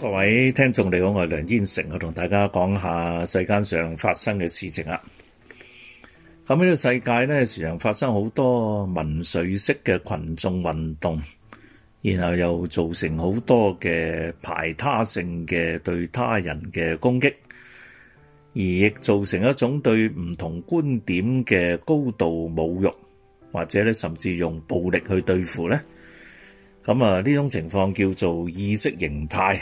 各位聽眾，你好，我係梁燕成，我同大家講下世間上發生嘅事情啊。咁、這、呢個世界呢，時常發生好多民粹式嘅群眾運動，然後又造成好多嘅排他性嘅對他人嘅攻擊，而亦造成一種對唔同觀點嘅高度侮辱，或者咧甚至用暴力去對付咧。咁啊，呢種情況叫做意識形態。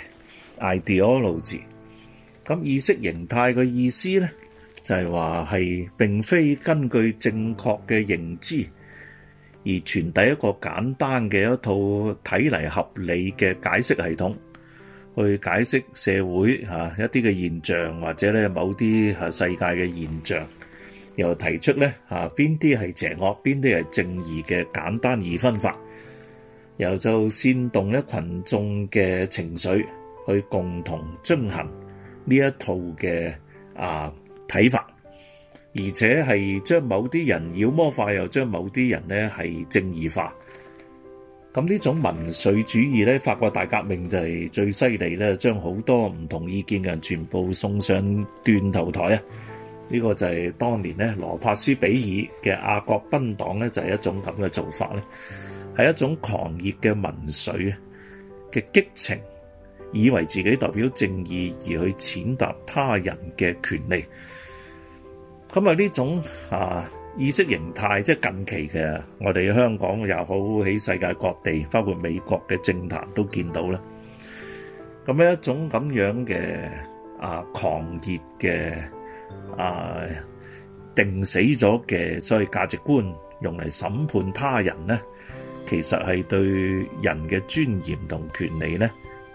Ideology，咁意識形態嘅意思咧，就係話係並非根據正確嘅認知而傳遞一個簡單嘅一套睇嚟合理嘅解釋系統去解釋社會嚇一啲嘅現象，或者咧某啲嚇世界嘅現象，又提出咧嚇邊啲係邪惡，邊啲係正義嘅簡單二分法，又就煽動一群眾嘅情緒，去共同遵行呢一套嘅啊睇法，而且係將某啲人妖魔化，又將某啲人咧係正義化。咁呢種民粹主義咧，法國大革命就係最犀利咧，將好多唔同意見嘅人全部送上斷頭台啊！呢個就係當年咧羅伯斯比爾嘅雅各賓黨咧，就係一種咁嘅做法咧，係一種狂熱嘅民粹嘅激情。以為自己代表正義而去踐踏他人嘅權利，咁啊呢種啊意識形態，即係近期嘅我哋香港又好，喺世界各地，包括美國嘅政壇都見到啦。咁呢一種咁樣嘅啊狂熱嘅啊定死咗嘅所謂價值觀，用嚟審判他人咧，其實係對人嘅尊嚴同權利咧，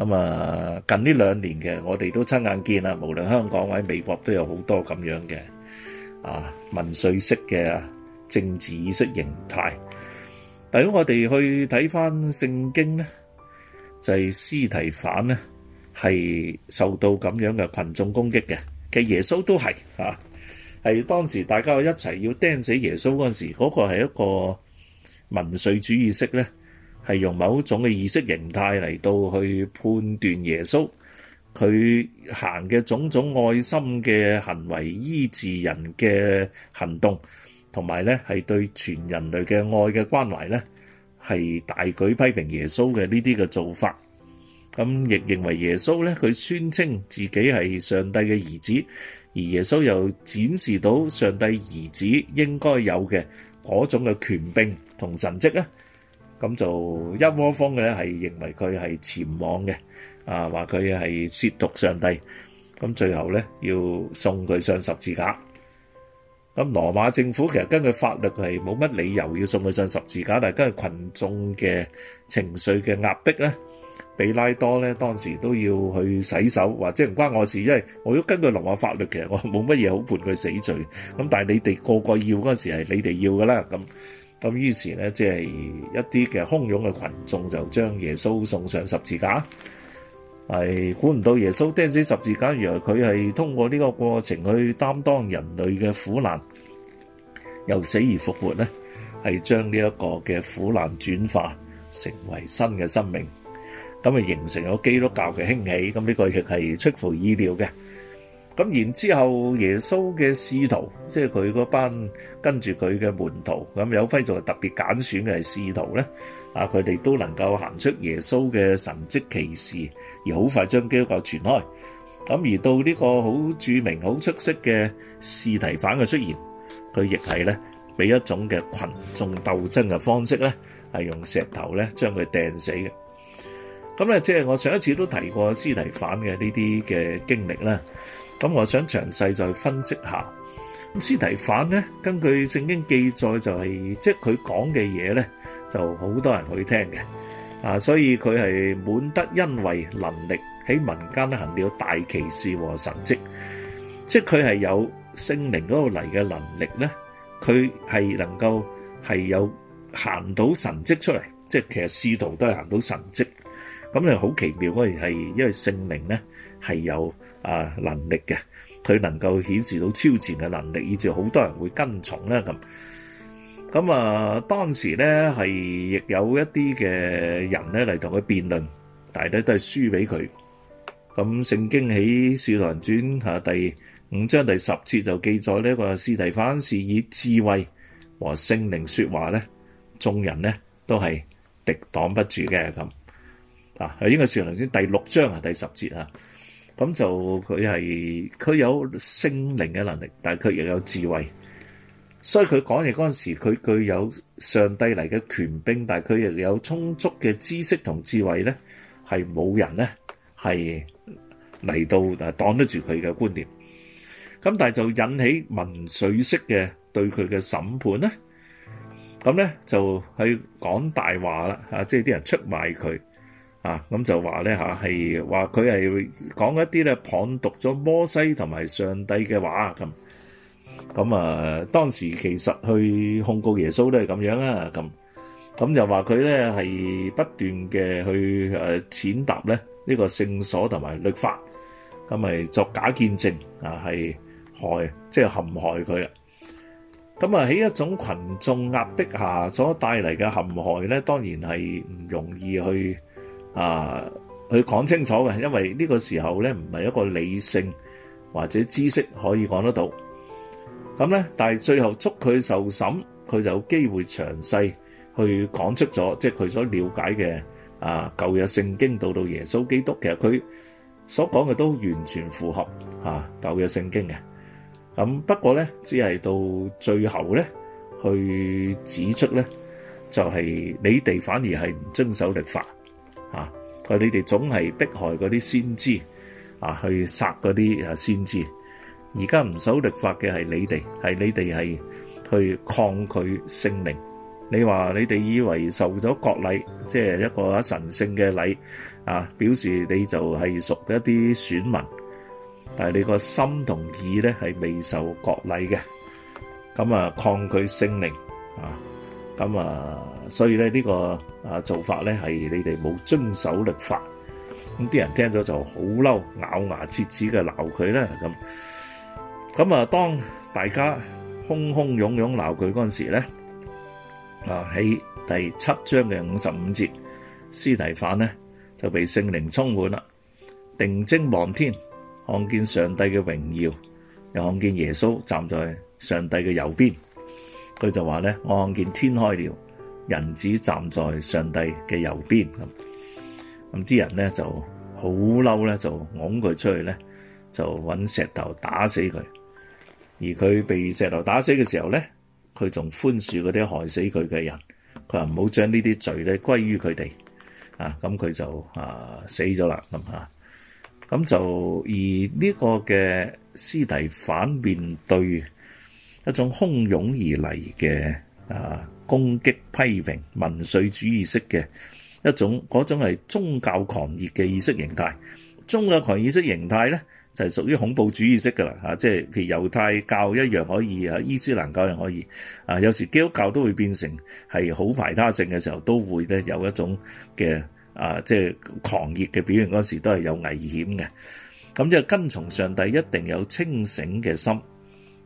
咁啊，近呢兩年嘅，我哋都親眼見啦，無論香港或者美國都有好多咁樣嘅啊民粹式嘅政治意識形態。但如果我哋去睇翻聖經咧，就係司提反咧係受到咁樣嘅群眾攻擊嘅，其實耶穌都係嚇，係當時大家一齊要釘死耶穌嗰陣時，嗰個係一個民粹主義式咧。係用某種嘅意識形態嚟到去判斷耶穌佢行嘅種種愛心嘅行為、醫治人嘅行動，同埋咧係對全人類嘅愛嘅關懷咧，係大舉批評耶穌嘅呢啲嘅做法。咁亦認為耶穌咧，佢宣稱自己係上帝嘅兒子，而耶穌又展示到上帝兒子應該有嘅嗰種嘅權柄同神蹟咧。咁就一窩蜂嘅咧，係認為佢係潛往嘅，啊話佢係褻瀆上帝，咁最後咧要送佢上十字架。咁羅馬政府其實根據法律係冇乜理由要送佢上十字架，但係根據羣眾嘅情緒嘅壓迫咧，比拉多咧當時都要去洗手，話即係唔關我事，因為我如果根據羅馬法律，其實我冇乜嘢好判佢死罪。咁但係你哋個個要嗰陣時係你哋要㗎啦，咁。咁於是咧，即係一啲嘅洶湧嘅羣眾就將耶穌送上十字架，係估唔到耶穌釘死十字架，原來佢係通過呢個過程去擔當人類嘅苦難，由死而復活咧，係將呢一個嘅苦難轉化成為新嘅生命。咁啊，形成咗基督教嘅興起。咁呢個亦係出乎意料嘅。咁然之後，耶穌嘅使徒，即係佢嗰班跟住佢嘅門徒，咁有一批特別揀選嘅係使徒咧。啊，佢哋都能夠行出耶穌嘅神蹟奇事，而好快將基督教傳開。咁而到呢個好著名、好出色嘅司提反嘅出現，佢亦係咧俾一種嘅群眾鬥爭嘅方式咧，係用石頭咧將佢掟死嘅。咁咧，即係我上一次都提過司提反嘅呢啲嘅經歷啦。咁我想詳細再分析下。咁司提反咧，根據聖經記載，就係即係佢講嘅嘢咧，就好多人去聽嘅。啊，所以佢係滿得恩惠能力，喺民間行了大奇事和神蹟。即係佢係有聖靈嗰個嚟嘅能力咧，佢係能夠係有行到神蹟出嚟。即係其實使徒都係行到神蹟，咁就好奇妙嗰啲係因為聖靈咧。係有啊能力嘅，佢能夠顯示到超前嘅能力，以至好多人會跟從啦。咁咁啊，當時咧係亦有一啲嘅人咧嚟同佢辯論，但係咧都係輸俾佢。咁聖經喺《使徒行傳》嚇第五章第十節就記載呢一個司提反是以智慧和聖靈説話咧，眾人咧都係敵擋不住嘅咁啊。應該《使徒行傳》第六章啊，第十節啊。咁就佢係佢有聖靈嘅能力，但係佢亦有智慧，所以佢講嘢嗰陣時，佢具有上帝嚟嘅權柄，但係佢亦有充足嘅知識同智慧咧，係冇人咧係嚟到啊擋得住佢嘅觀念。咁但係就引起文水式嘅對佢嘅審判咧，咁咧就去講大話啦吓、啊，即係啲人出賣佢。啊，咁就話咧嚇係話佢係講一啲咧，謗讟咗摩西同埋上帝嘅話咁咁啊。當時其實去控告耶穌都係咁樣啦，咁咁就話佢咧係不斷嘅去誒踐踏咧呢個聖所同埋律法，咁係作假見證啊，係害即係陷害佢啊。咁啊喺一種羣眾壓迫下所帶嚟嘅陷害咧，當然係唔容易去。啊！佢講清楚嘅，因為呢個時候咧唔係一個理性或者知識可以講得到咁咧。但係最後捉佢受審，佢就有機會詳細去講出咗，即係佢所瞭解嘅啊舊約聖經到到耶穌基督。其實佢所講嘅都完全符合吓舊約聖經嘅。咁不過咧，只係到最後咧去指出咧，就係你哋反而係唔遵守律法。啊！佢你哋總係迫害嗰啲先知，啊去殺嗰啲啊先知。而家唔守律法嘅係你哋，係你哋係去抗拒聖靈。你話你哋以為受咗割禮，即係一個神聖嘅禮，啊表示你就係屬一啲選民，但係你個心同意咧係未受割禮嘅，咁啊抗拒聖靈啊！咁啊、嗯，所以咧呢個啊做法咧係你哋冇遵守律法，咁，啲人聽咗就好嬲，咬牙切齒嘅鬧佢啦。咁咁啊，當大家洶洶湧湧鬧佢嗰陣時咧，啊喺第七章嘅五十五節，司提反咧就被聖靈充滿啦，定睛望天，看見上帝嘅榮耀，又看見耶穌站在上帝嘅右邊。佢就話咧，我看見天開了，人子站在上帝嘅右邊咁。咁啲人咧就好嬲咧，就拱佢出去咧，就揾石頭打死佢。而佢被石頭打死嘅時候咧，佢仲寬恕嗰啲害死佢嘅人。佢話，唔好將呢啲罪咧歸於佢哋。啊，咁佢就啊死咗啦咁，咁就而呢個嘅師弟反面對。一種洶湧而嚟嘅啊攻擊批評民粹主義式嘅一種嗰種係宗教狂熱嘅意識形態，宗教狂熱意識形態咧就係、是、屬於恐怖主義式噶啦嚇，即係譬如猶太教一樣可以啊，伊斯蘭教又可以啊，有時基督教都會變成係好排他性嘅時候，都會咧有一種嘅啊即係狂熱嘅表現，嗰時候都係有危險嘅。咁即係跟從上帝一定有清醒嘅心。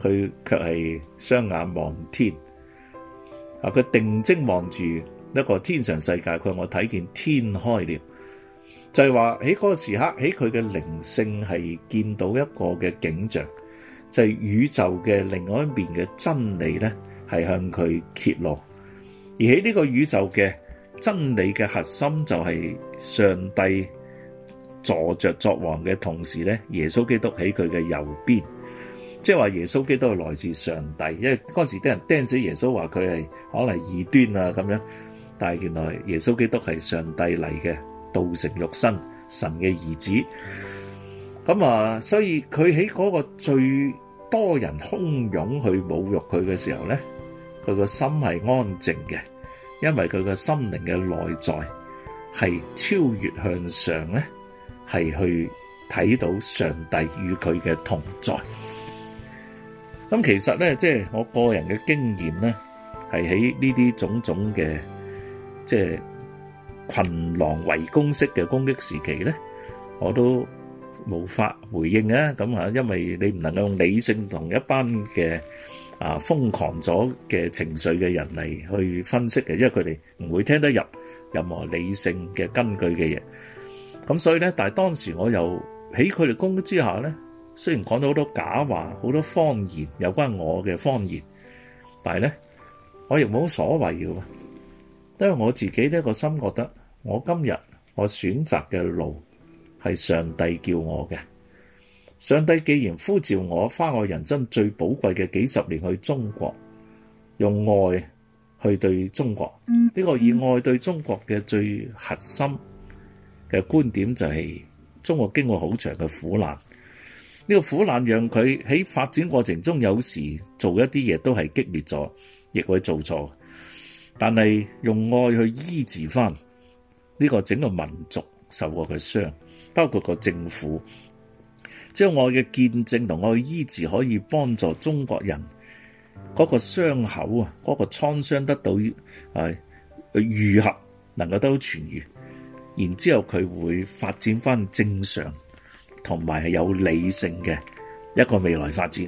佢卻係雙眼望天，啊！佢定睛望住一個天上世界，佢話我睇見天開了，就係話喺嗰個時刻，喺佢嘅靈性係見到一個嘅景象，就係、是、宇宙嘅另外一面嘅真理咧，係向佢揭露。而喺呢個宇宙嘅真理嘅核心，就係上帝坐着作王嘅同時咧，耶穌基督喺佢嘅右邊。即係話耶穌基督係來自上帝，因為嗰時啲人釘死耶穌，話佢係可能異端啊咁樣，但係原來耶穌基督係上帝嚟嘅道成肉身，神嘅兒子。咁啊，所以佢喺嗰個最多人洶湧去侮辱佢嘅時候咧，佢個心係安靜嘅，因為佢個心靈嘅內在係超越向上咧，係去睇到上帝與佢嘅同在。咁其實咧，即係我個人嘅經驗咧，係喺呢啲種種嘅即係羣狼圍攻式嘅攻擊時期咧，我都無法回應啊。咁啊，因為你唔能夠用理性同一班嘅啊瘋狂咗嘅情緒嘅人嚟去分析嘅，因為佢哋唔會聽得入任何理性嘅根據嘅嘢。咁所以咧，但係當時我又喺佢哋攻擊之下咧。雖然講咗好多假話，好多謊言，有關我嘅謊言，但係咧，我亦冇所謂嘅。因為我自己呢一個心覺得，我今日我選擇嘅路係上帝叫我嘅。上帝既然呼召我花我人生最寶貴嘅幾十年去中國，用愛去對中國呢個以愛對中國嘅最核心嘅觀點就係、是、中國經過好長嘅苦難。呢個苦難讓佢喺發展過程中有時做一啲嘢都係激烈咗，亦會做錯。但係用愛去醫治返呢個整個民族受過嘅傷，包括個政府，將愛嘅見證同愛的醫治，可以幫助中國人嗰個傷口、那個、傷啊，嗰個創傷得到誒愈合，能夠得到痊癒，然之後佢會發展返正常。同埋係有理性嘅一個未來發展。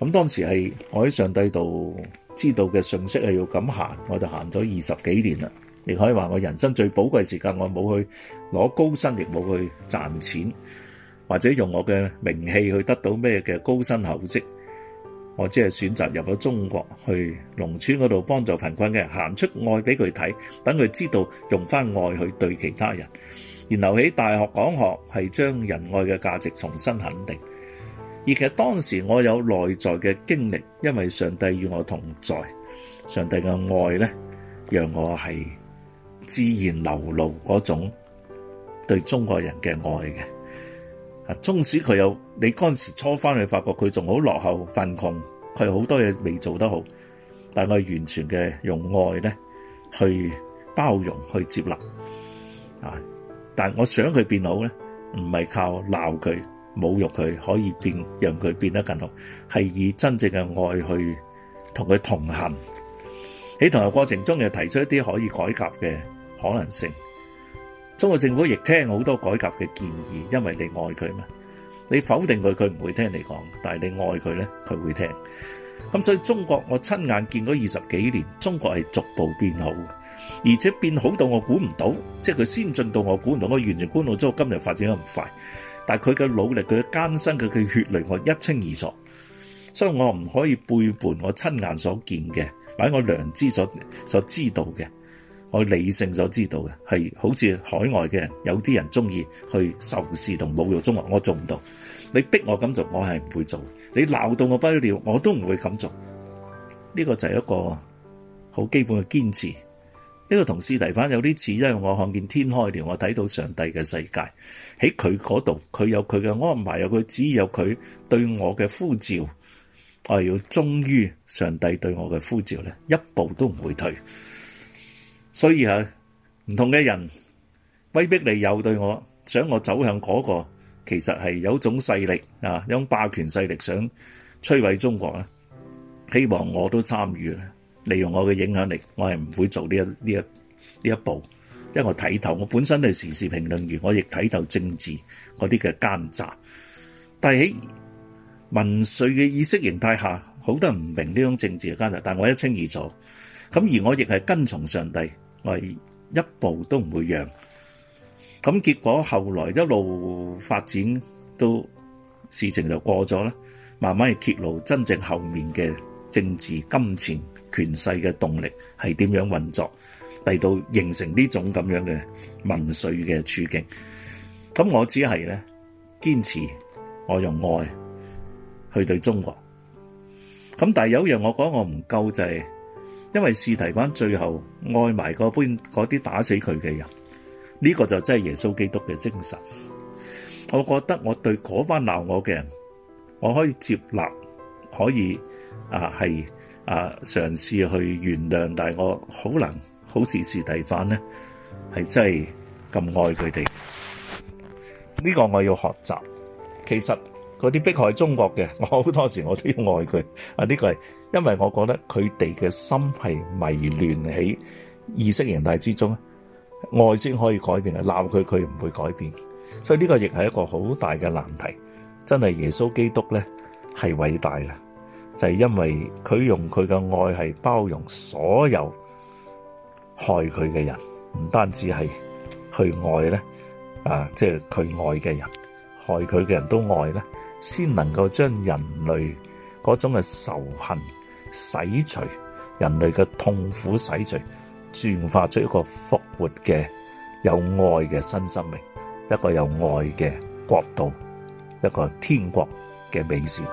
咁當時係我喺上帝度知道嘅信息係要咁行，我就行咗二十幾年啦。亦可以話我人生最寶貴時間，我冇去攞高薪，亦冇去賺錢，或者用我嘅名氣去得到咩嘅高薪厚職。我只係選擇入咗中國去農村嗰度幫助貧困嘅人，行出愛俾佢睇，等佢知道用翻愛去對其他人。然後喺大學講學係將仁愛嘅價值重新肯定。而其實當時我有內在嘅經歷，因為上帝與我同在，上帝嘅愛咧，讓我係自然流露嗰種對中國人嘅愛嘅啊。縱使佢有你嗰陣時初返去，發覺佢仲好落後、貧窮，佢好多嘢未做得好，但係我完全嘅用愛咧去包容、去接納啊。但我想佢變好呢，唔係靠鬧佢、侮辱佢可以變，讓佢變得更好，係以真正嘅愛去同佢同行。喺同行過程中又提出一啲可以改革嘅可能性。中國政府亦聽好多改革嘅建議，因為你愛佢嘛。你否定佢，佢唔會聽你講，但係你愛佢呢，佢會聽。咁所以中國，我親眼見過二十幾年，中國係逐步變好。而且變好到我估唔到，即係佢先進到我估唔到，我完全估唔到，之後今日發展咁快。但係佢嘅努力、佢嘅艱辛、佢嘅血淚，我一清二楚。所以我唔可以背叛我親眼所見嘅，或者我良知所所知道嘅，我理性所知道嘅，係好似海外嘅人，有啲人中意去仇視同侮辱中國，我做唔到。你逼我咁做，我係唔會做。你鬧到我不得了，我都唔會咁做。呢個就係一個好基本嘅堅持。呢個同事提返有啲似，因為我看見天開了，我睇到上帝嘅世界喺佢嗰度，佢有佢嘅安排，有佢只有佢對我嘅呼召，我係要忠於上帝對我嘅呼召咧，一步都唔會退。所以啊，唔同嘅人威逼利誘，對我想我走向嗰、嗰個，其實係有種勢有種勢力啊，霸權勢力想摧毀中國，希望我都參與。利用我嘅影響力，我係唔會做呢一呢一呢一步，因為我睇透。我本身係時事評論員，我亦睇透政治嗰啲嘅奸詐。但係喺民粹嘅意識形態下，好多人唔明呢種政治嘅奸詐，但我一清二楚。咁而我亦係跟從上帝，我係一步都唔會讓。咁結果後來一路發展，都事情就過咗啦。慢慢係揭露真正後面嘅政治金錢。全世嘅動力係點樣運作，嚟到形成呢種咁樣嘅民粹嘅處境。咁我只係咧堅持，我用愛去對中國。咁但係有一樣我講我唔夠就係、是，因為司提反最後愛埋嗰班嗰啲打死佢嘅人，呢、這個就真係耶穌基督嘅精神。我覺得我對嗰班鬧我嘅人，我可以接納，可以啊係。是啊！嘗試去原諒，但係我好難，好似是地犯咧，係真係咁愛佢哋。呢個我要學習。其實嗰啲迫害中國嘅，我好多時我都要愛佢。啊，呢個係因為我覺得佢哋嘅心係迷亂喺意識形態之中，愛先可以改變嘅，鬧佢佢唔會改變。所以呢個亦係一個好大嘅難題。真係耶穌基督咧係偉大啦！就係因為佢用佢嘅愛係包容所有害佢嘅人，唔單止係去愛呢，啊，即係佢愛嘅人，害佢嘅人都愛呢，先能夠將人類嗰種嘅仇恨洗除，人類嘅痛苦洗除，轉化出一個復活嘅有愛嘅新生命，一個有愛嘅國度，一個天國嘅美善。